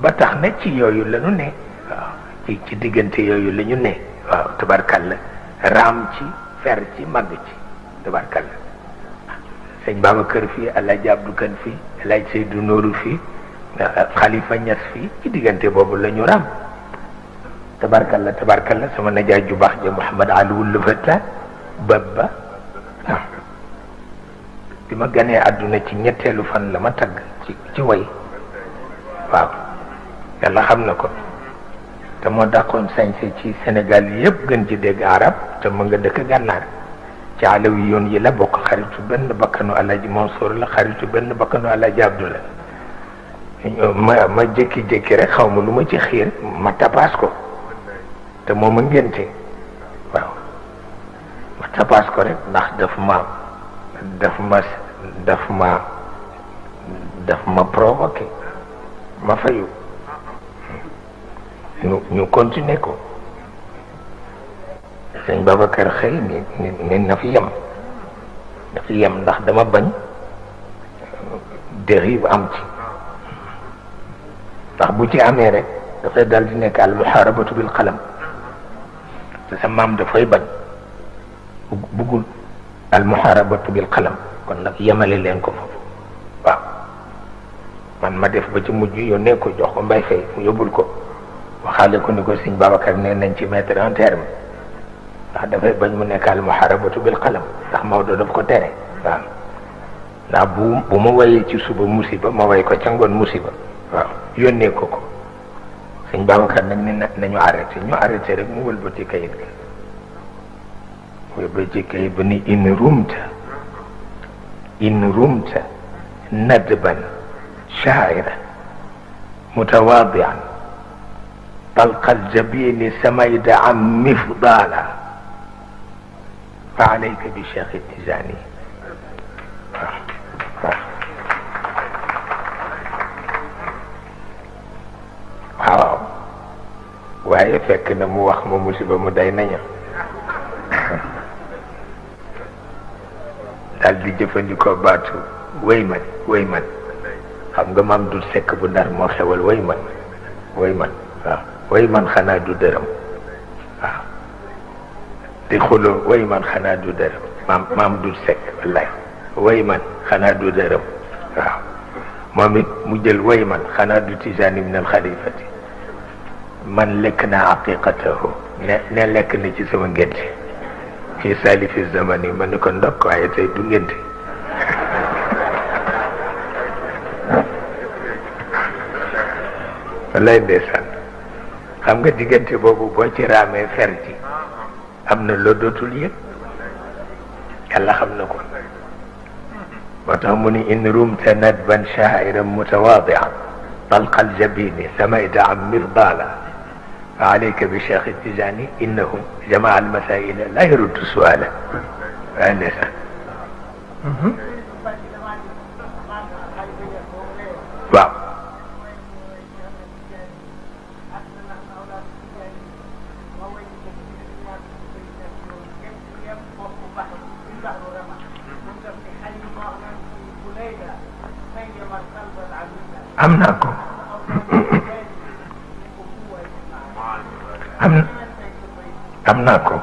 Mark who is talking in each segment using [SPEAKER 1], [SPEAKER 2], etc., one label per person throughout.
[SPEAKER 1] ba tax na ci yooyu la ne ci ci diggante yooyu la ñu ne waaw tabarkalla raam ci fer ci màgg ci tabarkalla sëñ Babacar fii Alaaji Abdou Kan fi Alaaji Seydou Nooru fii Xalifa Ñas fii ci diggante boobu lañu la ñu la tabarkalla la sama najaay ju baax ja Mouhamad Aliwul Lufata babba waaw ah. bi ma ganee àdduna ci ñetteelu fan la ma tagg ci way waaw yàlla xam na ko te moo daqoon sañse ci Sénégal yëpp gën ci dégg arab te mu nga dëkk gànnaar ci alaw yi yoon yi la bokk xaritu benn bakkanu alaji Mansour la xaritu benn bakkanu alaji Abdoulaye ma ma jékki-jékki rek xaw ma lu ma ci xiir ma tapaas ko te moom a ngénte waaw ma tapaas ko rek ndax daf ma daf ma daf ma daf ma provoqué ma fayu ñu continuer ko sëñ Babacar xëy ni na fi yam na fi yam ndax dama bañ dérive am ci ndax bu ci amé rek da fay dal di nek al muharabatu bil qalam te sa mam da fay bañ bugul al muharabatu bil qalam kon nak yamale len ko foofu waaw man ma def ba ci mujj yónnee ko jox ko mbay fay mu yóbbul ko waxaale ko ni ko sëñ Babacar ne nañ ci mettre un terme dafay bañ mu nekk al muharabatu bil qalam ndax Maodo daf ko tere waaw ndax bu bu ma wayee ci suba musiba ma way ko ca ngoon musiba waaw yónnee ko ko sëñ Babacar nag ne nañu arrêté ñu arrêté rek mu wëlbati kayit gi wëlbati kayit ni in rumta in rumta nadban shaaira mutawadian طلق الجبين سميد عن مفضالا فعليك بشيخ التجاني waaw waaye fekk na mu wax ma musiba mu day naña daal di jëfandikoo baatu wéy man wéy man xam nga maam du sekk bu ndar moo xewal wéy man wéy man waaw way man xanaa du dërëm waaw di xuloo way man xanaa du dërëm maam maam du sekk wallaay way man xanaa du dërëm waaw moom it mu jël way man xanaa du tijaan ibn al xalifati man lekk naa aqiqatahu ne ne lekk na ci sama ngénte fii saalifi zaman yi ma ni ko ndokk waaye tey du ngénte wallaay ndeysaan xam nga diggante boobu boo ci raamee fer ci am na loo dootul yëg yàlla xam na ko moo tax mu ni in rumta nadban shaa'iran mutawaadia talqal jabini samayda am mirdala fa alayka bi cheikh tijani innahu jamaa almasaila la yaruddu suala waaye ndeysaan أمنعكم أمن أمنعكم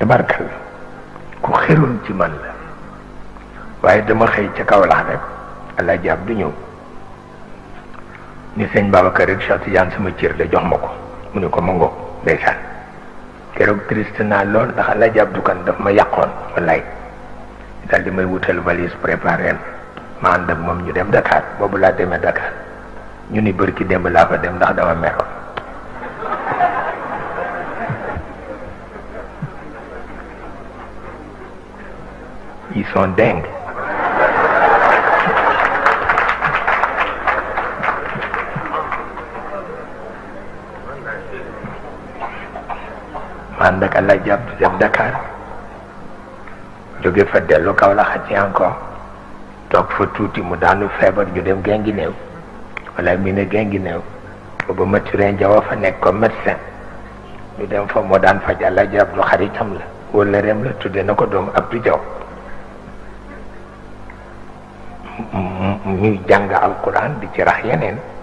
[SPEAKER 1] تبارك الله كو خير انت من لا وهي دم خي تكاو العنب الله جاب دنيو نسين بابا كريك شاتي جان سمي تير دي جوه مكو منو كو منغو ديسان كريك تريستنا لون دخل الله جاب دوكان دف ما يقون ولايك dal kan di may wutal valise préparé ma ak ñu dem Dakar bobu la demee Dakar ñu ni bërki dem la fa dem ndax dama mer ils sont dingues man Allah dem Dakar jóge fa dellu kaw la xati encore toog fa tuuti mu daanu feebar ju dem Guinguinéo néew mi ne Guinguinéo booba Mathurin Diaw a fa nekk comme médecin ñu dem fa moo daan faj Alaaji Abdu xaritam la wala rem la tudde na ko doom Abdou mu ñuy jàng alquran di ci rax yeneen